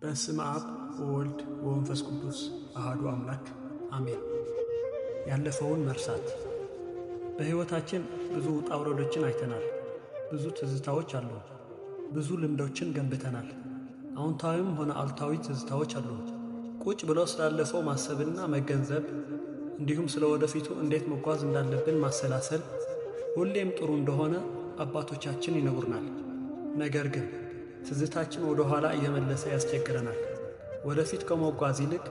በስም አብ ወወልድ ወመንፈስ ቅዱስ አህዱ አምላክ አሜን። ያለፈውን መርሳት። በሕይወታችን ብዙ ውጣ ውረዶችን አይተናል። ብዙ ትዝታዎች አሉ። ብዙ ልምዶችን ገንብተናል። አዎንታዊም ሆነ አሉታዊ ትዝታዎች አሉ። ቁጭ ብሎ ስላለፈው ማሰብና መገንዘብ እንዲሁም ስለ ወደፊቱ እንዴት መጓዝ እንዳለብን ማሰላሰል ሁሌም ጥሩ እንደሆነ አባቶቻችን ይነግሩናል። ነገር ግን ትዝታችን ወደ ኋላ እየመለሰ ያስቸግረናል። ወደፊት ከመጓዝ ይልቅ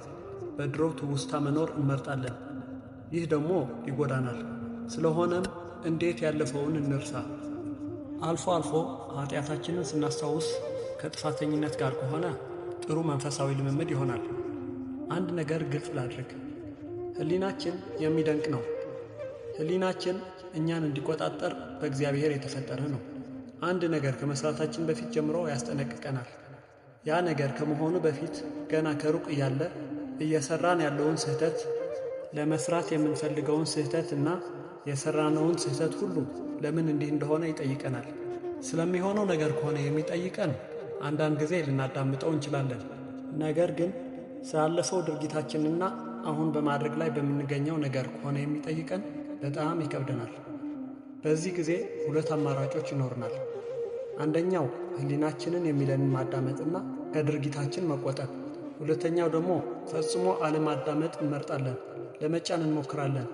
በድሮ ትውስታ መኖር እንመርጣለን። ይህ ደግሞ ይጎዳናል። ስለሆነም እንዴት ያለፈውን እንርሳ። አልፎ አልፎ ኃጢአታችንን ስናስታውስ ከጥፋተኝነት ጋር ከሆነ ጥሩ መንፈሳዊ ልምምድ ይሆናል። አንድ ነገር ግልጽ ላድርግ። ሕሊናችን የሚደንቅ ነው። ሕሊናችን እኛን እንዲቆጣጠር በእግዚአብሔር የተፈጠረ ነው። አንድ ነገር ከመስራታችን በፊት ጀምሮ ያስጠነቅቀናል። ያ ነገር ከመሆኑ በፊት ገና ከሩቅ እያለ እየሰራን ያለውን ስህተት፣ ለመስራት የምንፈልገውን ስህተት እና የሰራነውን ስህተት ሁሉ ለምን እንዲህ እንደሆነ ይጠይቀናል። ስለሚሆነው ነገር ከሆነ የሚጠይቀን አንዳንድ ጊዜ ልናዳምጠው እንችላለን። ነገር ግን ስላለፈው ድርጊታችንና አሁን በማድረግ ላይ በምንገኘው ነገር ከሆነ የሚጠይቀን በጣም ይከብደናል። በዚህ ጊዜ ሁለት አማራጮች ይኖርናል። አንደኛው ህሊናችንን የሚለንን ማዳመጥና ከድርጊታችን መቆጠብ፣ ሁለተኛው ደግሞ ፈጽሞ አለማዳመጥ እንመርጣለን። ለመጫን እንሞክራለን።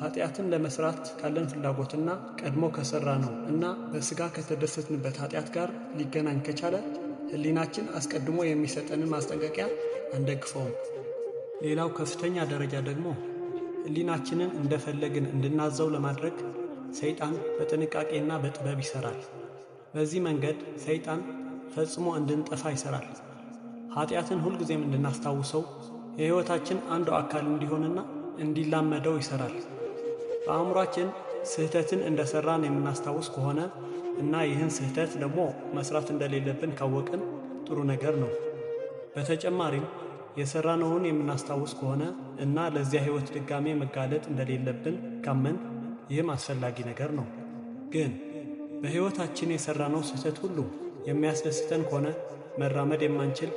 ኃጢአትን ለመስራት ካለን ፍላጎትና ቀድሞ ከሠራ ነው እና በሥጋ ከተደሰትንበት ኃጢአት ጋር ሊገናኝ ከቻለ ህሊናችን አስቀድሞ የሚሰጠንን ማስጠንቀቂያ አንደግፈውም። ሌላው ከፍተኛ ደረጃ ደግሞ ህሊናችንን እንደፈለግን እንድናዘው ለማድረግ ሰይጣን በጥንቃቄና በጥበብ ይሠራል። በዚህ መንገድ ሰይጣን ፈጽሞ እንድንጠፋ ይሠራል። ኀጢአትን ሁልጊዜም እንድናስታውሰው የሕይወታችን አንዱ አካል እንዲሆንና እንዲላመደው ይሠራል። በአእምሯችን ስህተትን እንደ ሠራን የምናስታውስ ከሆነ እና ይህን ስህተት ደግሞ መሥራት እንደሌለብን ካወቅን ጥሩ ነገር ነው። በተጨማሪም የሠራነውን የምናስታውስ ከሆነ እና ለዚያ ሕይወት ድጋሜ መጋለጥ እንደሌለብን ካመን ይህም አስፈላጊ ነገር ነው። ግን በሕይወታችን የሠራነው ስህተት ሁሉ የሚያስደስተን ከሆነ መራመድ የማንችል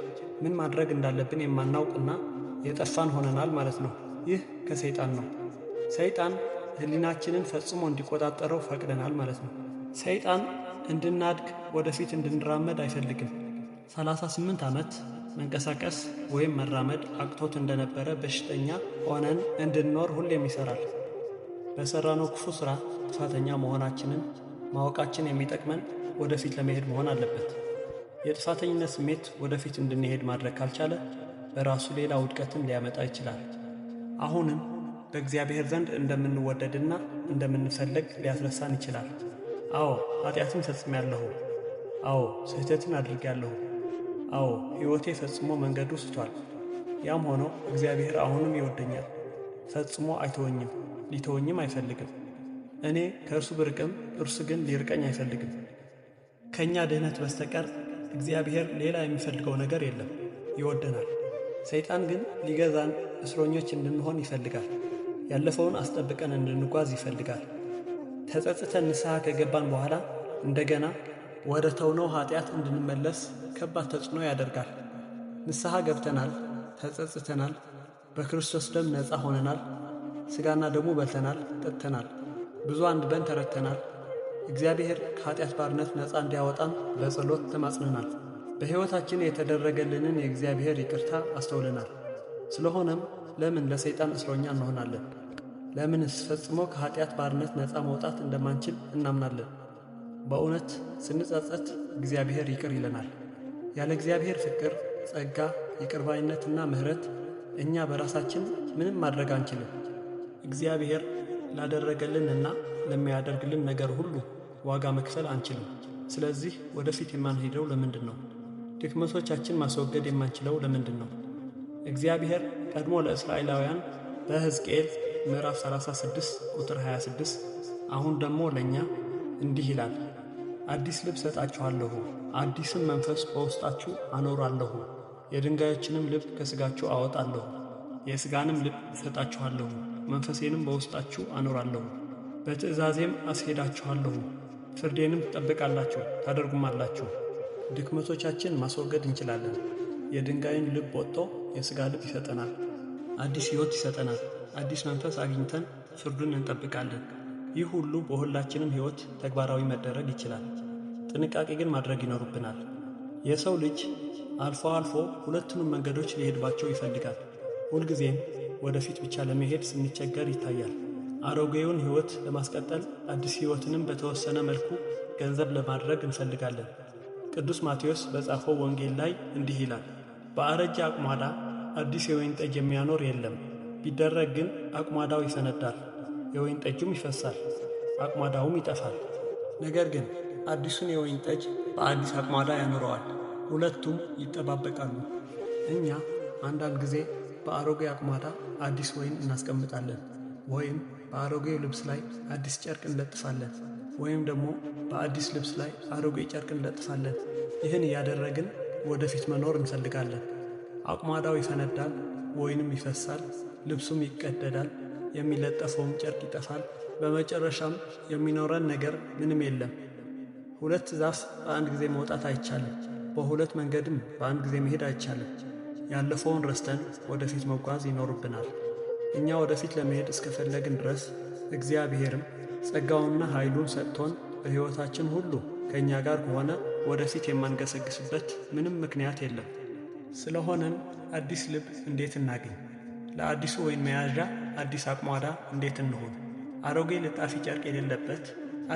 ምን ማድረግ እንዳለብን የማናውቅና የጠፋን ሆነናል ማለት ነው። ይህ ከሰይጣን ነው። ሰይጣን ሕሊናችንን ፈጽሞ እንዲቆጣጠረው ፈቅደናል ማለት ነው። ሰይጣን እንድናድግ ወደፊት እንድንራመድ አይፈልግም። 38 ዓመት መንቀሳቀስ ወይም መራመድ አቅቶት እንደነበረ በሽተኛ ሆነን እንድንኖር ሁሌም ይሠራል። በሰራነው ክፉ ሥራ ጥፋተኛ መሆናችንን ማወቃችን የሚጠቅመን ወደፊት ለመሄድ መሆን አለበት። የጥፋተኝነት ስሜት ወደፊት እንድንሄድ ማድረግ ካልቻለ በራሱ ሌላ ውድቀትን ሊያመጣ ይችላል። አሁንም በእግዚአብሔር ዘንድ እንደምንወደድና እንደምንፈለግ ሊያስረሳን ይችላል። አዎ ኃጢአትን ፈጽሜያለሁ። አዎ ስህተትን አድርጌያለሁ። አዎ ሕይወቴ ፈጽሞ መንገዱ ስቷል። ያም ሆኖ እግዚአብሔር አሁንም ይወደኛል፣ ፈጽሞ አይተወኝም። ሊተወኝም አይፈልግም። እኔ ከእርሱ ብርቅም እርሱ ግን ሊርቀኝ አይፈልግም። ከእኛ ድህነት በስተቀር እግዚአብሔር ሌላ የሚፈልገው ነገር የለም፣ ይወደናል። ሰይጣን ግን ሊገዛን፣ እስረኞች እንድንሆን ይፈልጋል። ያለፈውን አስጠብቀን እንድንጓዝ ይፈልጋል። ተጸጽተን ንስሐ ከገባን በኋላ እንደገና ወደ ተውነው ኃጢአት እንድንመለስ ከባድ ተጽዕኖ ያደርጋል። ንስሐ ገብተናል፣ ተጸጽተናል፣ በክርስቶስ ደም ነፃ ሆነናል። ሥጋና ደሞ በልተናል፣ ጠጥተናል፣ ብዙ አንድ በን ተረተናል። እግዚአብሔር ከኃጢአት ባርነት ነፃ እንዲያወጣን በጸሎት ተማጽነናል። በሕይወታችን የተደረገልንን የእግዚአብሔር ይቅርታ አስተውለናል። ስለሆነም ለምን ለሰይጣን እስረኛ እንሆናለን? ለምንስ ፈጽሞ ከኃጢአት ባርነት ነፃ መውጣት እንደማንችል እናምናለን። በእውነት ስንጸጸት እግዚአብሔር ይቅር ይለናል። ያለ እግዚአብሔር ፍቅር፣ ጸጋ፣ ይቅርባይነትና ምሕረት እኛ በራሳችን ምንም ማድረግ አንችልም። እግዚአብሔር ላደረገልንና ለሚያደርግልን ነገር ሁሉ ዋጋ መክፈል አንችልም። ስለዚህ ወደፊት የማንሄደው ለምንድን ነው? ድክመቶቻችን ማስወገድ የማንችለው ለምንድን ነው? እግዚአብሔር ቀድሞ ለእስራኤላውያን በሕዝቅኤል ምዕራፍ 36 ቁጥር 26 አሁን ደግሞ ለእኛ እንዲህ ይላል፣ አዲስ ልብ ሰጣችኋለሁ፣ አዲስም መንፈስ በውስጣችሁ አኖራለሁ፣ የድንጋዮችንም ልብ ከሥጋችሁ አወጣለሁ፣ የሥጋንም ልብ እሰጣችኋለሁ መንፈሴንም በውስጣችሁ አኖራለሁ፣ በትእዛዜም አስሄዳችኋለሁ፣ ፍርዴንም ትጠብቃላችሁ ታደርጉማላችሁ። ድክመቶቻችን ማስወገድ እንችላለን። የድንጋይን ልብ ወጥቶ የሥጋ ልብ ይሰጠናል። አዲስ ሕይወት ይሰጠናል። አዲስ መንፈስ አግኝተን ፍርዱን እንጠብቃለን። ይህ ሁሉ በሁላችንም ሕይወት ተግባራዊ መደረግ ይችላል። ጥንቃቄ ግን ማድረግ ይኖርብናል። የሰው ልጅ አልፎ አልፎ ሁለቱንም መንገዶች ሊሄድባቸው ይፈልጋል። ሁልጊዜም ወደፊት ብቻ ለመሄድ ስንቸገር ይታያል። አሮጌውን ሕይወት ለማስቀጠል አዲስ ሕይወትንም በተወሰነ መልኩ ገንዘብ ለማድረግ እንፈልጋለን። ቅዱስ ማቴዎስ በጻፈው ወንጌል ላይ እንዲህ ይላል፣ በአረጀ አቁማዳ አዲስ የወይን ጠጅ የሚያኖር የለም። ቢደረግ ግን አቁማዳው ይሰነዳል፣ የወይን ጠጁም ይፈሳል፣ አቁማዳውም ይጠፋል። ነገር ግን አዲሱን የወይን ጠጅ በአዲስ አቁማዳ ያኖረዋል፣ ሁለቱም ይጠባበቃሉ። እኛ አንዳንድ ጊዜ በአሮጌ አቁማዳ አዲስ ወይን እናስቀምጣለን፣ ወይም በአሮጌው ልብስ ላይ አዲስ ጨርቅ እንለጥፋለን፣ ወይም ደግሞ በአዲስ ልብስ ላይ አሮጌ ጨርቅ እንለጥፋለን። ይህን እያደረግን ወደፊት መኖር እንፈልጋለን። አቁማዳው ይፈነዳል፣ ወይንም ይፈሳል፣ ልብሱም ይቀደዳል፣ የሚለጠፈውም ጨርቅ ይጠፋል። በመጨረሻም የሚኖረን ነገር ምንም የለም። ሁለት ዛፍ በአንድ ጊዜ መውጣት አይቻልም። በሁለት መንገድም በአንድ ጊዜ መሄድ አይቻልም። ያለፈውን ረስተን ወደፊት መጓዝ ይኖርብናል። እኛ ወደፊት ለመሄድ እስከፈለግን ድረስ እግዚአብሔርም ጸጋውንና ኃይሉን ሰጥቶን በሕይወታችን ሁሉ ከእኛ ጋር ከሆነ ወደፊት የማንገሰግስበት ምንም ምክንያት የለም። ስለሆነም አዲስ ልብ እንዴት እናገኝ? ለአዲሱ ወይን መያዣ አዲስ አቅሟዳ እንዴት እንሆን? አሮጌ ልጣፊ ጨርቅ የሌለበት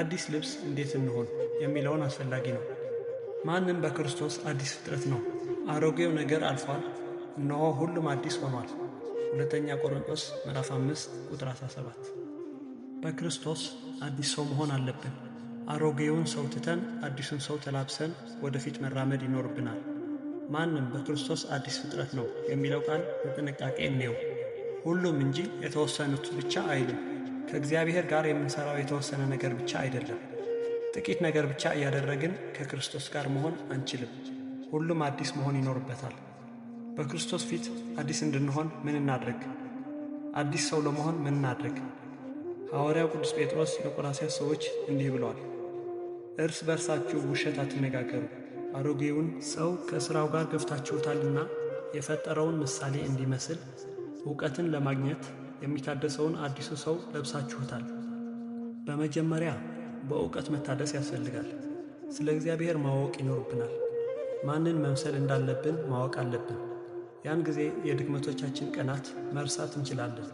አዲስ ልብስ እንዴት እንሆን የሚለውን አስፈላጊ ነው። ማንም በክርስቶስ አዲስ ፍጥረት ነው። አሮጌው ነገር አልፏል፣ እነሆ ሁሉም አዲስ ሆኗል። ሁለተኛ ቆሮንቶስ ምዕራፍ 5 ቁጥር 17። በክርስቶስ አዲስ ሰው መሆን አለብን። አሮጌውን ሰው ትተን አዲሱን ሰው ተላብሰን ወደፊት መራመድ ይኖርብናል። ማንም በክርስቶስ አዲስ ፍጥረት ነው የሚለው ቃል በጥንቃቄ እንየው። ሁሉም እንጂ የተወሰኑት ብቻ አይልም። ከእግዚአብሔር ጋር የምንሠራው የተወሰነ ነገር ብቻ አይደለም። ጥቂት ነገር ብቻ እያደረግን ከክርስቶስ ጋር መሆን አንችልም። ሁሉም አዲስ መሆን ይኖርበታል። በክርስቶስ ፊት አዲስ እንድንሆን ምን እናድርግ? አዲስ ሰው ለመሆን ምን እናድርግ? ሐዋርያው ቅዱስ ጴጥሮስ ለቆላስያስ ሰዎች እንዲህ ብለዋል፣ እርስ በርሳችሁ ውሸት አትነጋገሩ፣ አሮጌውን ሰው ከሥራው ጋር ገፍታችሁታልና የፈጠረውን ምሳሌ እንዲመስል እውቀትን ለማግኘት የሚታደሰውን አዲሱ ሰው ለብሳችሁታል። በመጀመሪያ በእውቀት መታደስ ያስፈልጋል። ስለ እግዚአብሔር ማወቅ ይኖርብናል። ማንን መምሰል እንዳለብን ማወቅ አለብን። ያን ጊዜ የድክመቶቻችን ቀናት መርሳት እንችላለን።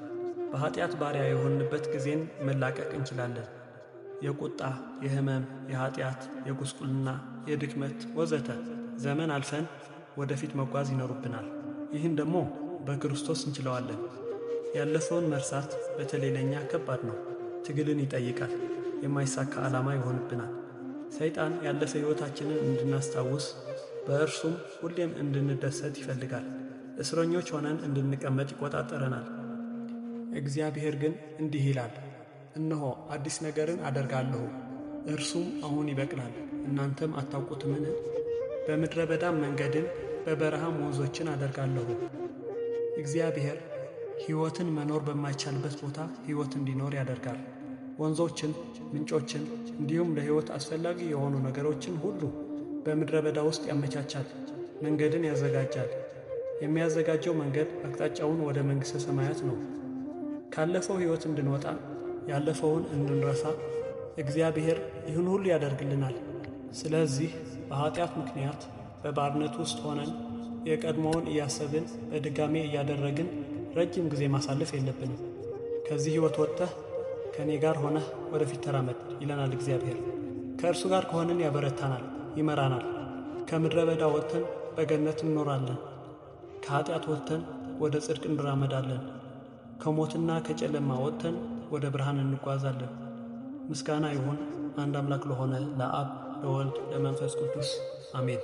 በኀጢአት ባሪያ የሆንበት ጊዜን መላቀቅ እንችላለን። የቁጣ፣ የህመም፣ የኀጢአት፣ የጉስቁልና፣ የድክመት ወዘተ ዘመን አልፈን ወደፊት መጓዝ ይኖሩብናል። ይህን ደግሞ በክርስቶስ እንችለዋለን። ያለፈውን መርሳት በተለይ ለእኛ ከባድ ነው። ትግልን ይጠይቃል። የማይሳካ ዓላማ ይሆንብናል። ሰይጣን ያለፈ ሕይወታችንን እንድናስታውስ በእርሱም ሁሌም እንድንደሰት ይፈልጋል። እስረኞች ሆነን እንድንቀመጥ ይቆጣጠረናል። እግዚአብሔር ግን እንዲህ ይላል፣ እነሆ አዲስ ነገርን አደርጋለሁ፣ እርሱም አሁን ይበቅላል፣ እናንተም አታውቁትምን? በምድረ በዳም መንገድን በበረሃም ወንዞችን አደርጋለሁ። እግዚአብሔር ሕይወትን መኖር በማይቻልበት ቦታ ሕይወት እንዲኖር ያደርጋል። ወንዞችን፣ ምንጮችን እንዲሁም ለሕይወት አስፈላጊ የሆኑ ነገሮችን ሁሉ በምድረ በዳ ውስጥ ያመቻቻል። መንገድን ያዘጋጃል። የሚያዘጋጀው መንገድ አቅጣጫውን ወደ መንግሥተ ሰማያት ነው። ካለፈው ሕይወት እንድንወጣ፣ ያለፈውን እንድንረሳ እግዚአብሔር ይህን ሁሉ ያደርግልናል። ስለዚህ በኀጢአት ምክንያት በባርነት ውስጥ ሆነን የቀድሞውን እያሰብን በድጋሜ እያደረግን ረጅም ጊዜ ማሳለፍ የለብንም። ከዚህ ሕይወት ወጥተህ ከእኔ ጋር ሆነህ ወደፊት ተራመድ ይለናል እግዚአብሔር። ከእርሱ ጋር ከሆንን ያበረታናል፣ ይመራናል። ከምድረ በዳ ወጥተን በገነት እንኖራለን። ከኃጢአት ወጥተን ወደ ጽድቅ እንራመዳለን። ከሞትና ከጨለማ ወጥተን ወደ ብርሃን እንጓዛለን። ምስጋና ይሁን አንድ አምላክ ለሆነ ለአብ ለወልድ ለመንፈስ ቅዱስ አሜን።